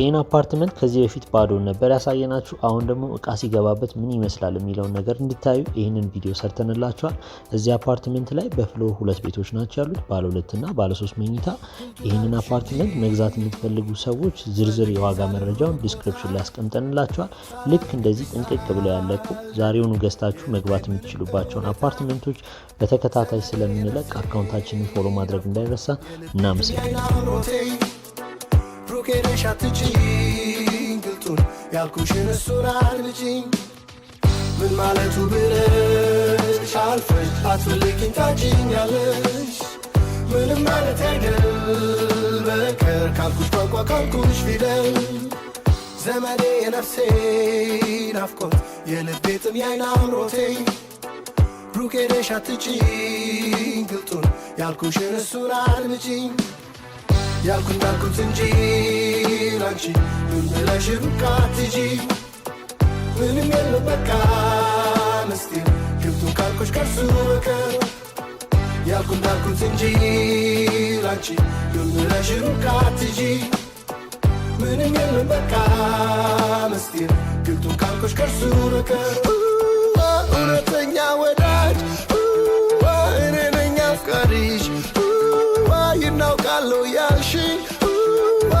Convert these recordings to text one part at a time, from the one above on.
ይህን አፓርትመንት ከዚህ በፊት ባዶን ነበር ያሳየናችሁ። አሁን ደግሞ እቃ ሲገባበት ምን ይመስላል የሚለውን ነገር እንድታዩ ይህንን ቪዲዮ ሰርተንላችኋል። እዚህ አፓርትመንት ላይ በፍሎር ሁለት ቤቶች ናቸው ያሉት፣ ባለ ሁለትና ባለ ሶስት መኝታ። ይህንን አፓርትመንት መግዛት የምትፈልጉ ሰዎች ዝርዝር የዋጋ መረጃውን ዲስክሪፕሽን ላይ ያስቀምጠንላችኋል። ልክ እንደዚህ ጥንቅቅ ብለው ያለቁ ዛሬውኑ ገዝታችሁ መግባት የምትችሉባቸውን አፓርትመንቶች በተከታታይ ስለምንለቅ አካውንታችንን ፎሎ ማድረግ እንዳይረሳ። እናመሰግናለን። ፎቄንሽ አትጭኝ ግልጡን ያልኩሽን እሱን አድምጪኝ ምን ማለቱ ብለሽ አልፈሽ አትፈልጊኝ ታጭኛለሽ ምንም ማለት አይደል በቀር ካልኩሽ ቋንቋ ካልኩሽ ፊደል ዘመዴ የነፍሴ ናፍቆት የልቤ ጥም ያይና አምሮቴ ሩቅ ሄደሽ አትጭኝ ግልጡን ያልኩሽን እሱን አድምጪኝ ያልኩት ናልኩት እንጂ ላንቺ ምን ብለሽ ብቃ ምንም የለም በቃ ምስጢር ገብቶ ካልኩሽ ከርሱ በቀር ያልኩት ናልኩት እንጂ ላንቺ ምን ብለሽ ብቃ ምንም የለም በቃ ምስጢር ገብቶ ካልኩሽ ከርሱ በቀር እውነተኛ አለው ያልሽ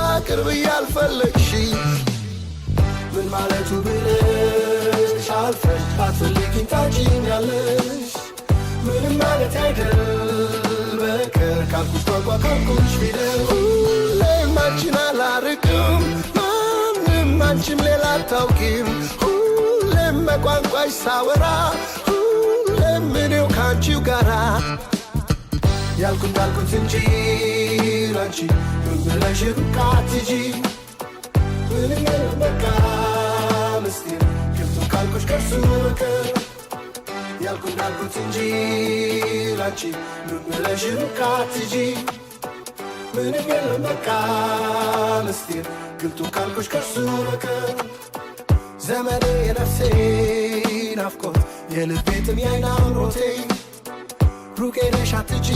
አቅርብ ያልፈለግሽ ምን ማለቱ ብለሽ አልፈሽ አትፈልጊኝ ታጪኝ ያለሽ ምንም ማለት አይደል በቀር ካልኩሽ ቋንቋ ካልኩሽ ፊደል ሁሌም አንቺን አላርቅም ማንም አንቺም ሌላ አታውቂም ሁሌም በቋንቋሽ ሳወራ ሁሌም እኔው ከአንቺው ጋራ ያልኩ እንዳልኩት እንጂ ላንቺ ምን ብለሽም ካትጂ ምንም የለም በቃ ምስጢር ገብቶ ካልኩሽ ከርሱ በቀር ያልኩ እንዳልኩት እንጂ ላንቺ ምን ብለሽም ካትጂ ምንም የለም በቃ ምስጢር ገብቶ ካልኩሽ ከርሱ በቀር ዘመኔ የነፍሴ ናፍቆት የልቤ ጥም ያይና አምሮቴ ሩቄ ነሽ አትጂ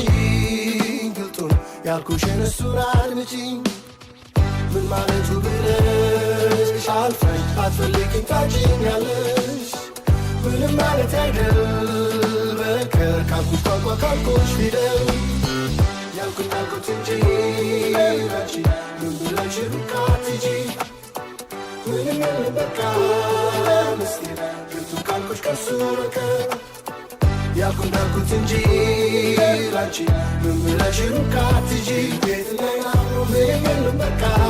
ያልኩሽን እሱን አድምጪኝ ምን ማለቱ ብለሽ አልፈኝ አትፈልጊኝ ታጭኛለሽ ምንም ማለት አይደል በከር ካልኩሽ ቋንቋ ካልኩሽ ፊደል ያልኩኝ ያልኩት እንጂ ራቺ ምን ብለሽ ሩቅ ምንም የለም በቃ ምስኪን ግቱ ካልኩሽ ከሱ ርቀህ ያልኩት እንጂ ላንቺ ምን ብለሽም ካትጂ ቤት ላይ በቃ